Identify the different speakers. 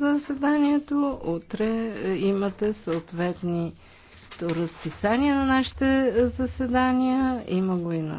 Speaker 1: за заседанието. Утре е, имате съответни разписания на нашите заседания. Има го